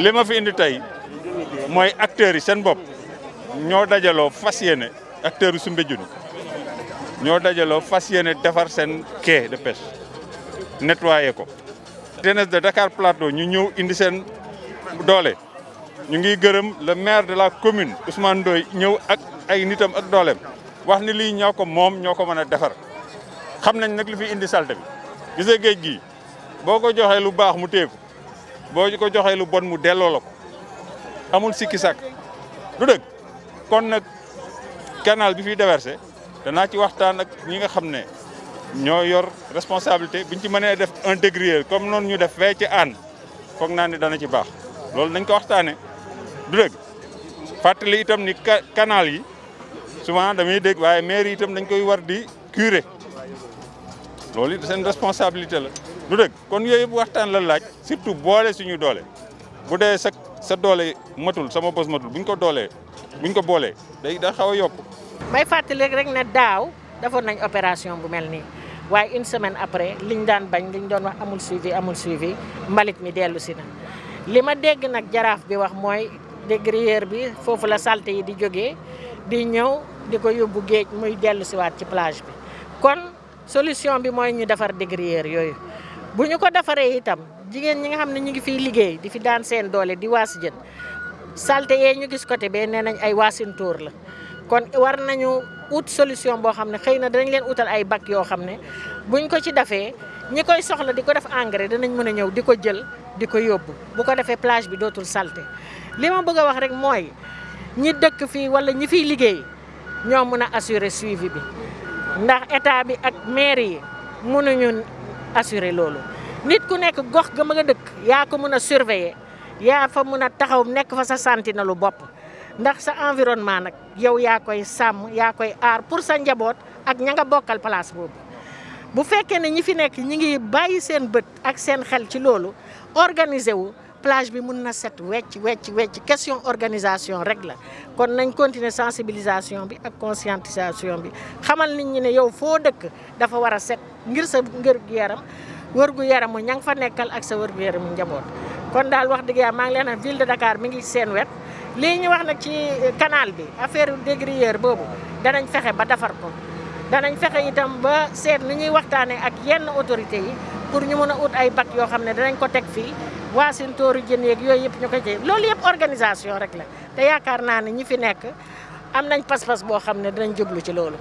li ma fi indi tey mooy acteurs yi seen bopp ñoo dajaloo fas yéene acteurs yi Soumbédioune ñoo dajaloo fas yéene defar seen quai de pêche nettoyé ko. jeunesse de Dakar Plateau ñu ñëw indi seen doole ñu ngi gërëm le maire de la commune Ousmane Ndoye ñëw ak ay nitam ak dooleem wax ni lii ñoo ko moom ñoo ko mën a defar. xam nañ nag li fi indi salte bi géej gi boo ko joxee lu baax mu téeku boo ko joxee lu bon mu delloo la amul sikki sàkk du dëgg kon nag canal bi fiy déversé danaa ci waxtaan ak ñi nga xam ne ñoo yor responsabilité buñ ci mënee def un degré comme noonu ñu def fee ci ànd foog naa ne dana ci baax loolu dañ ko waxtaane du dëgg fàttali itam ni canal yi souvent damay dégg waaye mairie itam dañ koy war di curer. loolu it seen responsabilité la du dëgg kon yooyu bu waxtaan la laaj surtout boole suñu doole bu dee sa sa doole matul sama bos matul buñ ko doolee buñ ko boolee day da xaw a yokk may fàttali rek ne daaw defoon nañ opération bu mel nii waaye une semaine après liñ daan bañ liñ doon wax amul suivi amul suivi mbalit mi dellu si na li ma dégg nag jaraaf bi wax mooy dégrilleur bi foofu la salte yi di jógee di ñëw di ko yóbbu géej muy dellu siwaat ci plage solution bi mooy ñu defar degriyeur yooyu bu ñu ko defaree itam jigéen ñi nga xam ne ñu ngi fiy liggéey di fi daan seen doole di waas jën salte yee ñu gis côté bee nee nañ ay waasintóor la kon war nañu ut solution boo xam ne xëy na danañ leen utal ay bac yoo xam ne buñ ko ci defee ñi koy soxla di ko def engrais danañ mën a ñëw di ko jël di ko yóbbu bu ko defee plage bi dootul salte li ma bëgg a wax rek mooy ñi dëkk fii wala ñi fiy liggéey ñoo mën a assurer suivi bi ndax état bi ak maire yi mënuñu assurer loolu nit ku nekk gox ga ma nga dëkk yaa ko mën a surveiller yaa fa mun a taxaw nekk fa sa santina lu bopp ndax sa environnement nag yow yaa koy sàmm yaa koy aar pour sa njaboot ak ña nga bokkal place boobu bu fekkee ne ñi fi nekk ñi ngi bàyyi seen bët ak seen xel ci loolu organiser wu plage bi mun na set wecc wecc wecc question organisation rek la kon nañ continuer sensibilisation bi ak conscientisation bi xamal nit ñi ne yow foo dëkk dafa war a set ngir sa ngër gu yaram wër gu yaramu ña nga fa nekkal ak sa wër gu mu njaboot kon daal wax dëgg yàlla maa ngi leen a ville de Dakar mi ngi seen wet lii ñu wax nag ci canal bi affaire dégrilleur boobu danañ fexe ba defar ko danañ fexe itam ba seet ni ñuy waxtaanee ak yenn autorités yi pour ñu mën a ut ay bac yoo xam ne danañ ko teg fii waa seen tóoru jën yeeg yooyu yëpp ñu ko jëy loolu yëpp organisation rek la te yaakaar naa ne ñi fi nekk am nañ pas-pas boo xam ne dinañ jublu ci loolu.